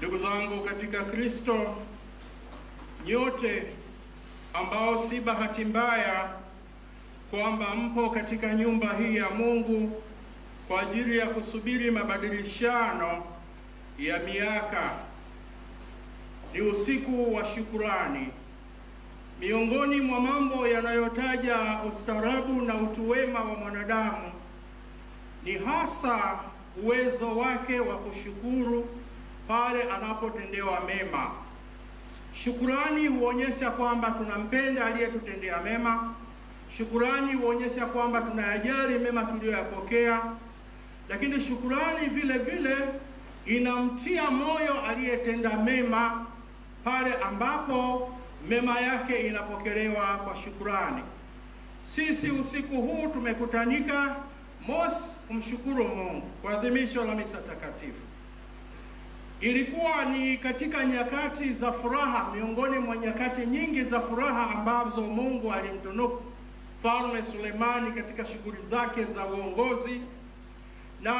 Ndugu zangu katika Kristo, nyote ambao si bahati mbaya kwamba mpo katika nyumba hii ya Mungu kwa ajili ya kusubiri mabadilishano ya miaka, ni usiku wa shukurani. Miongoni mwa mambo yanayotaja ustaarabu na utu wema wa mwanadamu ni hasa uwezo wake wa kushukuru pale anapotendewa mema. Shukurani huonyesha kwamba tunampenda aliyetutendea mema. Shukurani huonyesha kwamba tunayajali mema tuliyoyapokea, lakini shukurani vile vile inamtia moyo aliyetenda mema pale ambapo mema yake inapokelewa kwa shukurani. Sisi usiku huu tumekutanika, mosi, kumshukuru Mungu kwa adhimisho la misa takatifu. Ilikuwa ni katika nyakati za furaha, miongoni mwa nyakati nyingi za furaha ambazo Mungu alimtunuku Mfalme Sulemani katika shughuli zake za uongozi, na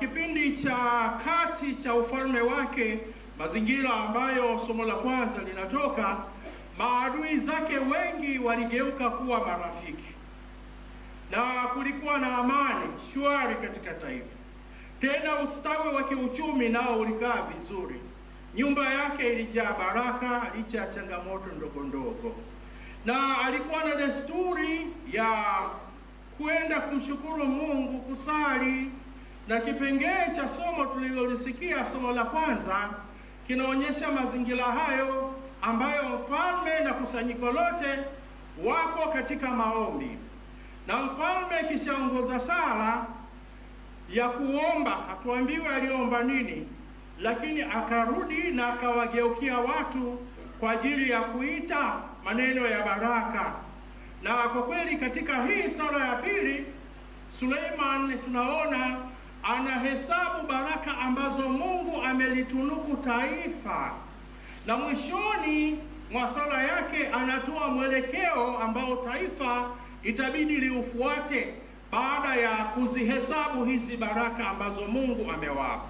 kipindi cha kati cha ufalme wake, mazingira ambayo somo la kwanza linatoka, maadui zake wengi waligeuka kuwa marafiki na kulikuwa na amani shwari katika taifa. Tena ustawi wa kiuchumi nao ulikaa vizuri. Nyumba yake ilijaa baraka licha ya changamoto ndogo ndogo, na alikuwa na desturi ya kwenda kumshukuru Mungu, kusali. Na kipengee cha somo tulilolisikia, somo la kwanza, kinaonyesha mazingira hayo ambayo mfalme na kusanyiko lote wako katika maombi, na mfalme kishaongoza sala ya kuomba, hatuambiwi aliomba nini, lakini akarudi na akawageukia watu kwa ajili ya kuita maneno ya baraka. Na kwa kweli katika hii sala ya pili Suleiman tunaona anahesabu baraka ambazo Mungu amelitunuku taifa, na mwishoni mwa sala yake anatoa mwelekeo ambao taifa itabidi liufuate baada ya kuzihesabu hizi baraka ambazo Mungu amewapa.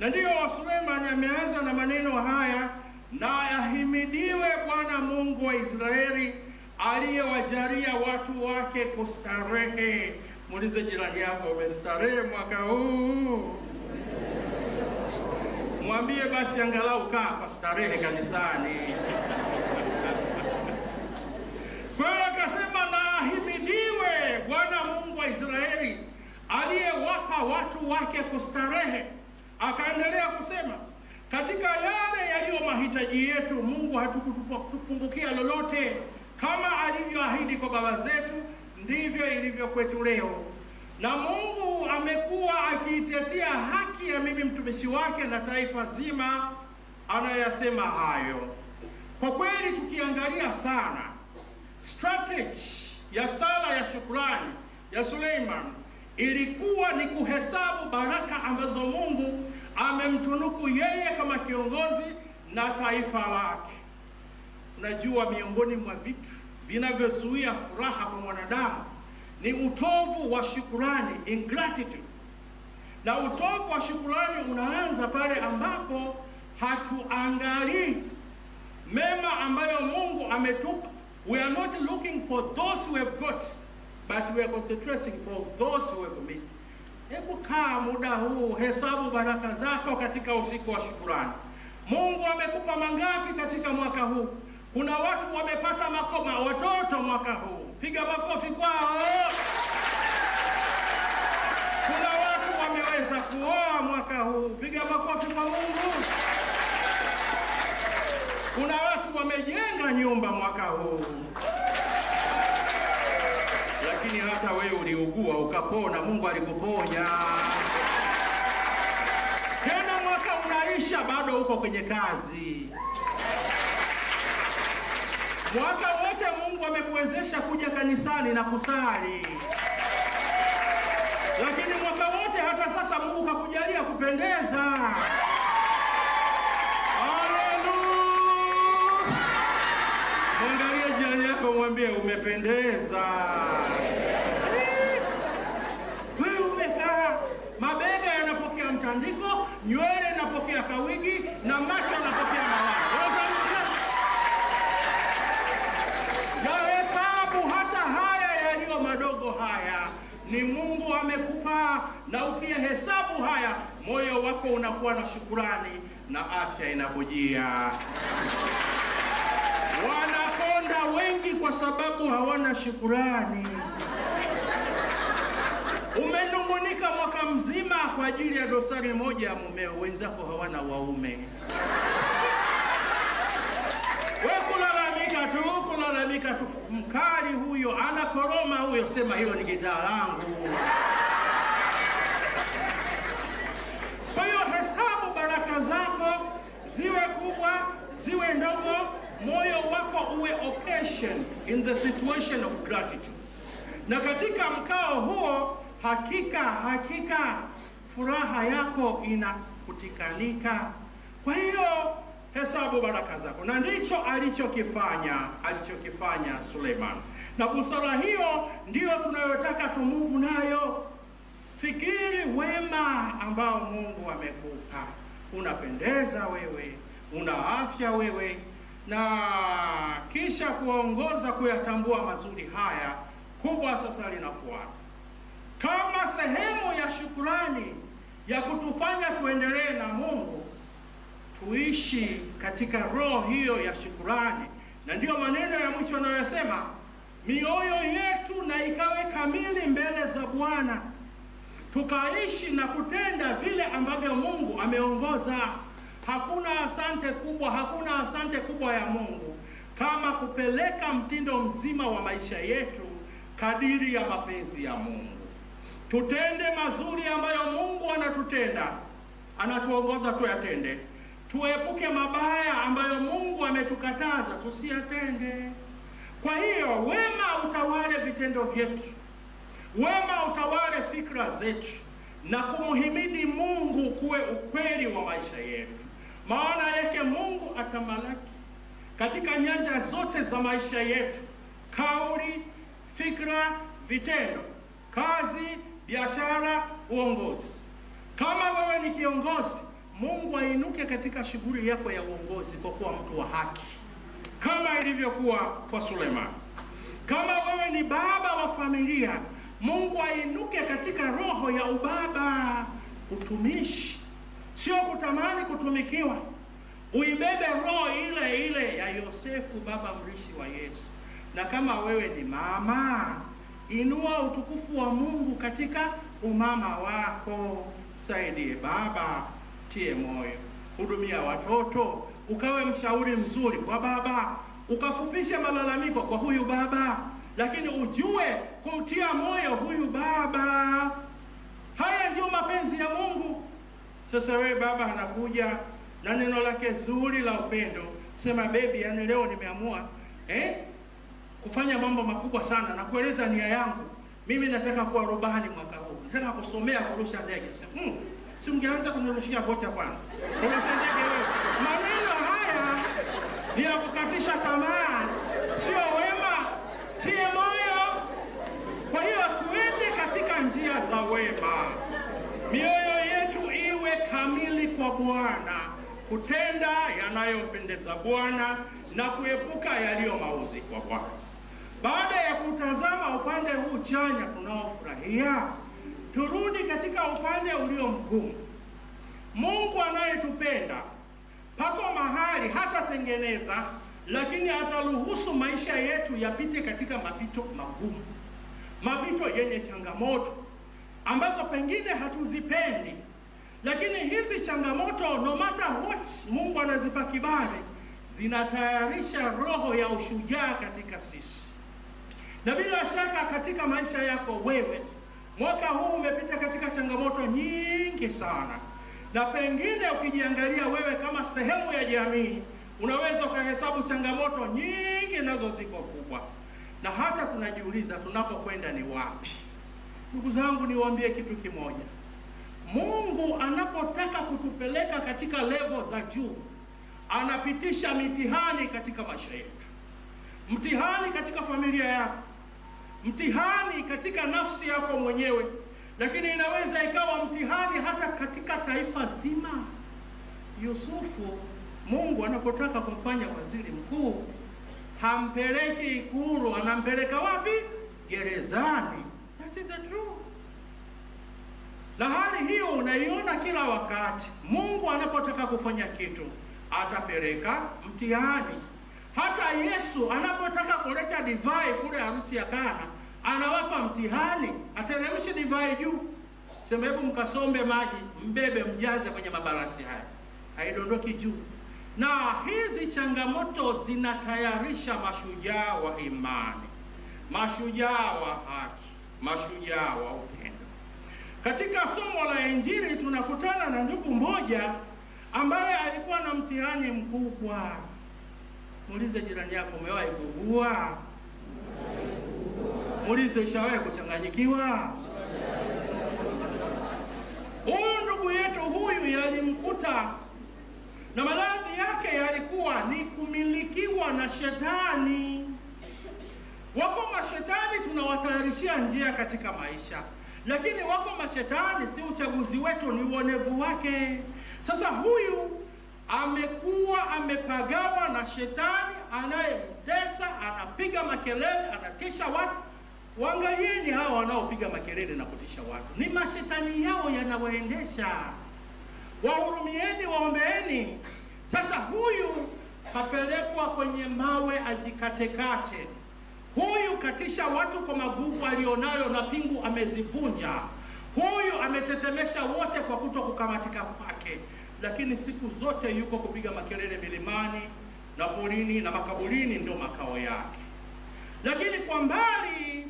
Na ndiyo Sulemani ameanza na maneno haya, na ahimidiwe Bwana Mungu wa Israeli aliyewajalia watu wake kustarehe. Muulize jirani yako, umestarehe mwaka huu? Mwambie basi angalau kaa kwa starehe kanisani. Kwa hiyo akasema, na ahimidiwe Bwana Israeli aliyewapa watu wake kustarehe, akaendelea kusema katika yale yaliyo mahitaji yetu Mungu hatukutupungukia lolote, kama alivyoahidi kwa baba zetu, ndivyo ilivyo kwetu leo. Na Mungu amekuwa akiitetea haki ya mimi mtumishi wake na taifa zima anayoyasema hayo. Kwa kweli, tukiangalia sana strategy ya sala ya shukrani ya Suleiman ilikuwa ni kuhesabu baraka ambazo Mungu amemtunuku yeye kama kiongozi na taifa lake. Unajua, miongoni mwa vitu vinavyozuia furaha kwa mwanadamu ni utovu wa shukurani, ingratitude. Na utovu wa shukurani unaanza pale ambapo hatuangalii mema ambayo Mungu ametupa. We are not looking for those we have got but we are concentrating for those who have missed. Hebu kaa muda huu, hesabu baraka zako katika usiku wa shukurani. Mungu amekupa mangapi katika mwaka huu? Kuna watu wamepata makoma watoto mwaka huu, piga makofi kwao. Kuna watu wameweza kuoa mwaka huu, piga makofi kwa Mungu. Kuna watu wamejenga nyumba mwaka huu. Naamini hata wewe uliugua ukapona, Mungu alikuponya. Tena mwaka unaisha, bado uko kwenye kazi. Mwaka wote Mungu amekuwezesha kuja kanisani na kusali, lakini mwaka wote hata sasa Mungu kakujalia kupendeza. Mwangalie jirani yako, mwambie umependeza. matandiko, nywele napokea kawigi na macho napokea mawazo. hesabu sababu hata haya yaliyo madogo haya ni Mungu amekupa, na hesabu haya moyo wako unakuwa na shukurani na afya inakujia. Wanakonda wengi kwa sababu hawana shukurani. Umenung'unika mzima kwa ajili ya dosari moja ya mumeo, wenzako hawana waume. We kulalamika tu, kulalamika tu, mkali huyo koroma huyo, sema hilo ni gitaa langu. Kwa hiyo hesabu baraka zako, ziwe kubwa ziwe ndogo, moyo wako uwe occasion in the situation of gratitude, na katika mkao huo Hakika hakika furaha yako inakutikanika. Kwa hiyo hesabu baraka zako, na ndicho alichokifanya alichokifanya Suleiman, na busara hiyo ndiyo tunayotaka tumuvu nayo. Fikiri wema ambao Mungu amekupa, unapendeza wewe, una afya wewe, na kisha kuwaongoza kuyatambua mazuri haya. Kubwa sasa linafuata kama sehemu ya shukurani ya kutufanya tuendelee na Mungu, tuishi katika roho hiyo ya shukurani, na ndiyo maneno ya mwisho anayosema, mioyo yetu na ikawe kamili mbele za Bwana, tukaishi na kutenda vile ambavyo Mungu ameongoza. Hakuna asante kubwa, hakuna asante kubwa ya Mungu kama kupeleka mtindo mzima wa maisha yetu kadiri ya mapenzi ya Mungu tutende mazuri ambayo Mungu anatutenda anatuongoza tuyatende, tuepuke mabaya ambayo Mungu ametukataza tusiyatende. Kwa hiyo wema utawale vitendo vyetu, wema utawale fikra zetu, na kumhimidi Mungu kuwe ukweli wa maisha yetu. Maana yake Mungu atamalaki katika nyanja zote za maisha yetu: kauli, fikra, vitendo, kazi biashara, uongozi. Kama wewe ni kiongozi, Mungu ainuke katika shughuli yako ya uongozi kwa kuwa mtu wa haki, kama ilivyokuwa kwa Sulemani. Kama wewe ni baba wa familia, Mungu ainuke katika roho ya ubaba, utumishi, sio kutamani kutumikiwa. Uibebe roho ile ile ya Yosefu, baba mrishi wa Yesu. Na kama wewe ni mama Inua utukufu wa Mungu katika umama wako. Saidie baba, tie moyo, hudumia watoto, ukawe mshauri mzuri kwa baba, ukafupisha malalamiko kwa huyu baba, lakini ujue kumtia moyo huyu baba. Haya ndiyo mapenzi ya Mungu. Sasa wewe baba anakuja na neno lake zuri la upendo, sema bebi, yani leo nimeamua eh kufanya mambo makubwa sana na kueleza nia yangu, mimi nataka kuwa rubani mwaka huu, nataka kusomea kurusha ndege. Hmm, si mngeanza kunirushia bocha kwanza, kurusha ndege wewe. Maneno haya ni ya kukatisha tamaa, sio wema. Tie moyo. Kwa hiyo tuende katika njia za wema, mioyo yetu iwe kamili kwa Bwana, kutenda yanayompendeza Bwana na kuepuka yaliyo mauzi kwa Bwana. Baada ya kutazama upande huu chanya tunaofurahia, turudi katika upande ulio mgumu. Mungu anayetupenda pako mahali hatatengeneza, lakini ataruhusu maisha yetu yapite katika mapito magumu, mapito yenye changamoto ambazo pengine hatuzipendi, lakini hizi changamoto no matter what, Mungu anazipa kibali, zinatayarisha roho ya ushujaa katika sisi. Na bila shaka katika maisha yako wewe, mwaka huu umepita katika changamoto nyingi sana, na pengine ukijiangalia wewe kama sehemu ya jamii, unaweza ukahesabu changamoto nyingi, nazo ziko kubwa, na hata tunajiuliza tunapokwenda ni wapi. Ndugu zangu, niwaambie kitu kimoja, Mungu anapotaka kutupeleka katika levo za juu anapitisha mitihani katika maisha yetu, mtihani katika familia yako mtihani katika nafsi yako mwenyewe, lakini inaweza ikawa mtihani hata katika taifa zima. Yusufu, Mungu anapotaka kumfanya waziri mkuu hampeleki Ikulu, anampeleka wapi? Gerezani. That is the truth. Na hali hiyo unaiona kila wakati. Mungu anapotaka kufanya kitu atapeleka mtihani. Hata Yesu anapotaka kuleta divai kule harusi ya Kana, anawapa mtihani, ateremshe divai juu, sema hebu mkasombe maji, mbebe mjaze kwenye mabarasi haya, haidondoki juu. Na hizi changamoto zinatayarisha mashujaa wa imani, mashujaa wa haki, mashujaa wa upendo. Katika somo la Injili tunakutana na ndugu mmoja ambaye alikuwa na mtihani mkubwa Muulize jirani yako, umewahi kuugua? Muulize, ishawahi kuchanganyikiwa? Huyu ndugu yetu huyu yalimkuta, na maradhi yake yalikuwa ni kumilikiwa na shetani. Wapo mashetani tunawatayarishia njia katika maisha, lakini wapo mashetani si uchaguzi wetu, ni uonevu wake. Sasa huyu amekuwa amepagawa na shetani anayemtesa, anapiga makelele, anatisha watu. wangalieni hao wanaopiga makelele na kutisha watu, ni mashetani yao yanawaendesha. Wahurumieni, waombeeni. Sasa huyu kapelekwa kwenye mawe ajikatekate, huyu katisha watu kwa magugu alionayo na pingu amezivunja huyu ametetemesha wote kwa kuto kukamatika kwake lakini siku zote yuko kupiga makelele milimani na porini na makaburini, ndio makao yake. Lakini kwa mbali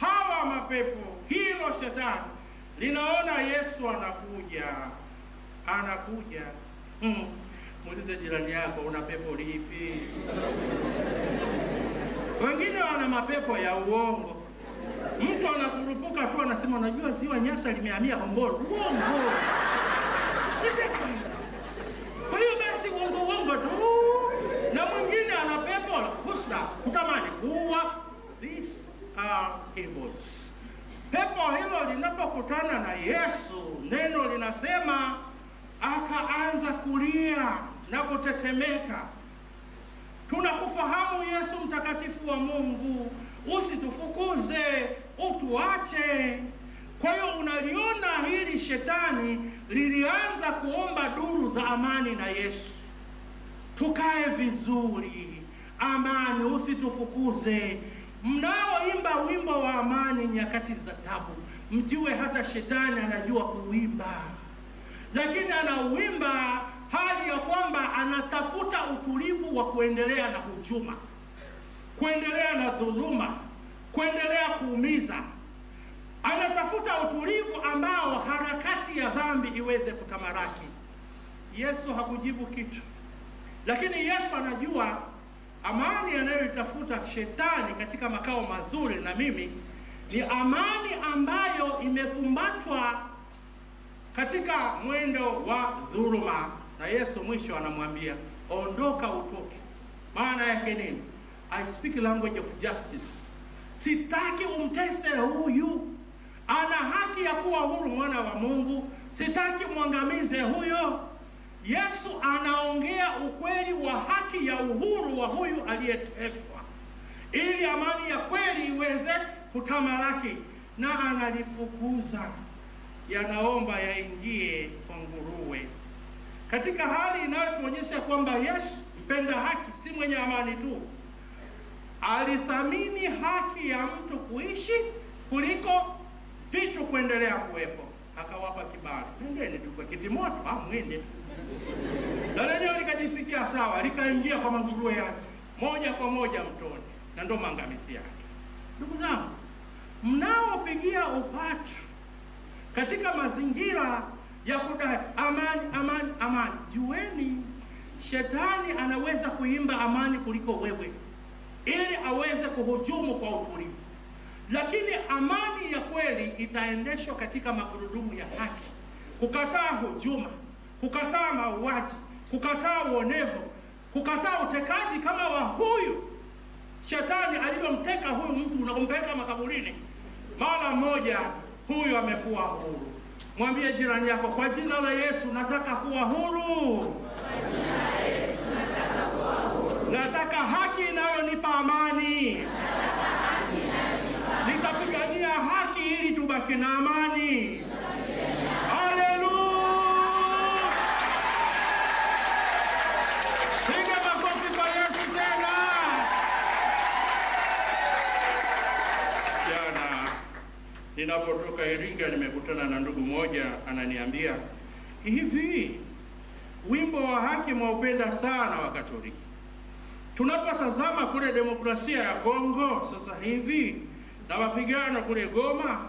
hawa mapepo, hilo shetani linaona Yesu anakuja, anakuja. Mm, muulize jirani yako, una pepo lipi? Wengine wana mapepo ya uongo. Mtu anakurupuka tu anasema, unajua ziwa Nyasa limehamia Hombolo. Uongo. alipokutana na Yesu, neno linasema akaanza kulia na kutetemeka. Tunakufahamu Yesu, mtakatifu wa Mungu, usitufukuze, utuache. Kwa hiyo unaliona hili, shetani lilianza kuomba duru za amani na Yesu, tukae vizuri, amani, usitufukuze mnaoimba wimbo wa amani nyakati za tabu, mjue hata shetani anajua kuimba lakini anauimba hali ya kwamba anatafuta utulivu wa kuendelea na hujuma, kuendelea na dhuluma, kuendelea kuumiza. Anatafuta utulivu ambao harakati ya dhambi iweze kutamaraki. Yesu hakujibu kitu, lakini Yesu anajua Amani anayoitafuta shetani katika makao mazuri na mimi ni amani ambayo imefumbatwa katika mwendo wa dhuluma, na Yesu mwisho anamwambia ondoka, utoke. Maana yake nini? I speak language of justice. Sitaki umtese huyu, ana haki ya kuwa huru, mwana wa Mungu. Sitaki mwangamize huyo Yesu anaongea ukweli wa haki ya uhuru wa huyu aliyeteswa, ili amani ya kweli iweze kutamalaki, na analifukuza yanaomba yaingie kwa nguruwe, katika hali inayotuonyesha kwamba Yesu mpenda haki, si mwenye amani tu, alithamini haki ya mtu kuishi kuliko vitu kuendelea kuwepo. Akawapa kibali, nendeni tu kwa kitimoto, ah, mwende tu na lenyewe likajisikia sawa, likaingia kwa manguruwe yake moja kwa moja mtoni, na ndo maangamizi yake. Ndugu zangu, mnaopigia upatu katika mazingira ya kudai amani, amani, amani, jueni shetani anaweza kuimba amani kuliko wewe, ili aweze kuhujumu kwa utulivu. Lakini amani ya kweli itaendeshwa katika magurudumu ya haki, kukataa hujuma kukataa mauaji, kukataa uonevu, kukataa utekaji kama wa huyu shetani alivyomteka huyu mtu na kumpeleka makaburini. Mara moja huyu amekuwa huru. Mwambie jirani yako, kwa jina la Yesu nataka kuwa huru, nataka haki inayonipa amani, nitapigania haki ili tubaki na amani. ninapotoka Iringa nimekutana na ndugu mmoja ananiambia, hivi wimbo wa haki mwaupenda sana wa Katoliki. Tunapotazama kule demokrasia ya Kongo sasa hivi na mapigano kule Goma,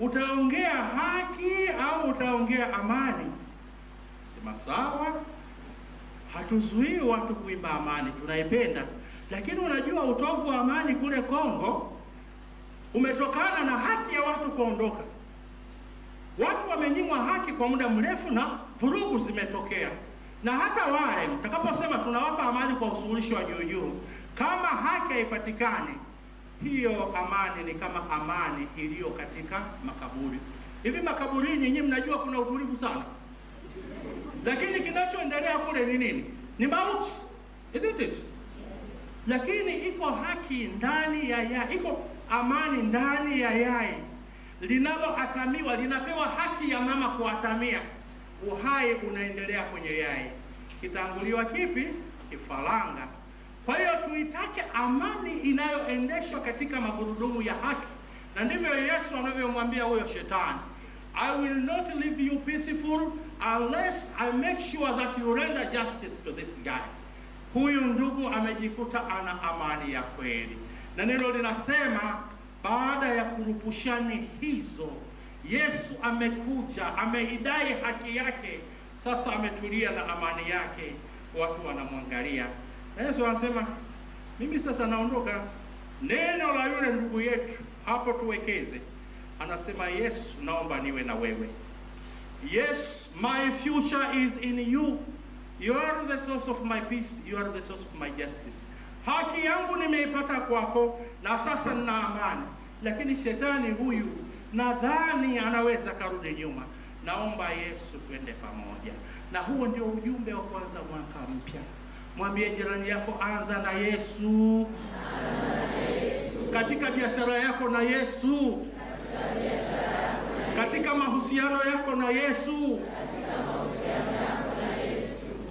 utaongea haki au utaongea amani? Sema sawa, hatuzuii watu kuimba amani, tunaipenda. Lakini unajua utovu wa amani kule Kongo umetokana na haki ya watu kuondoka. Watu wamenyimwa haki kwa muda mrefu na vurugu zimetokea, na hata wale mtakaposema tunawapa amani kwa usuluhisho wa juu kama haki haipatikani, hiyo amani ni kama amani iliyo katika makaburi. Hivi makaburini nyinyi mnajua kuna utulivu sana, lakini kinachoendelea kule ni nini? Ni mauti, isn't it? Lakini iko haki ndani ya ya iko amani ndani ya yai linaloatamiwa linapewa haki ya mama kuatamia. Uhai unaendelea kwenye yai, kitanguliwa kipi? Kifaranga. Kwa hiyo tuitake amani inayoendeshwa katika magurudumu ya haki, na ndivyo Yesu anavyomwambia huyo shetani, I will not leave you peaceful unless I make sure that you render justice to this guy. Huyu ndugu amejikuta ana amani ya kweli na neno linasema baada ya kurupushani hizo, Yesu amekuja, ameidai haki yake, sasa ametulia na amani yake, watu wanamwangalia. Na Yesu anasema mimi sasa naondoka. Neno la yule ndugu yetu hapo tuwekeze, anasema Yesu, naomba niwe na wewe. Yes, my future is in you. You are the source of my peace, you are the source of my justice haki yangu nimeipata kwako, na sasa nina amani. Lakini shetani huyu nadhani anaweza karudi nyuma. Naomba Yesu, twende pamoja. Na huo ndio ujumbe wa kwanza mwaka mpya. Mwambie jirani yako, anza na Yesu, Yesu. Katika biashara yako na Yesu, katika mahusiano yako na Yesu, katika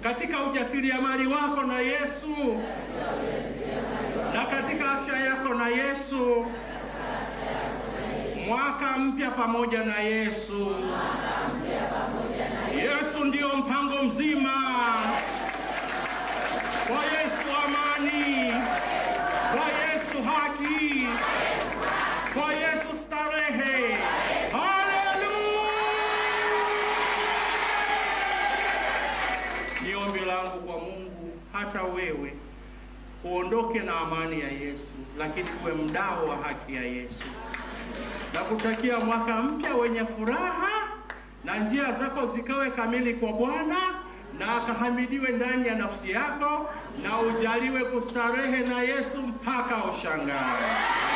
katika ujasiriamali wako na Yesu, na katika afya yako na Yesu, mwaka mpya pamoja na Yesu. Yesu ndiyo mpango mzima. Kwa Yesu amani. hata wewe uondoke na amani ya Yesu, lakini uwe mdao wa haki ya Yesu. Nakutakia mwaka mpya wenye furaha na njia zako zikawe kamili kwa Bwana, na akahamidiwe ndani ya nafsi yako, na ujaliwe kustarehe na Yesu mpaka ushangae.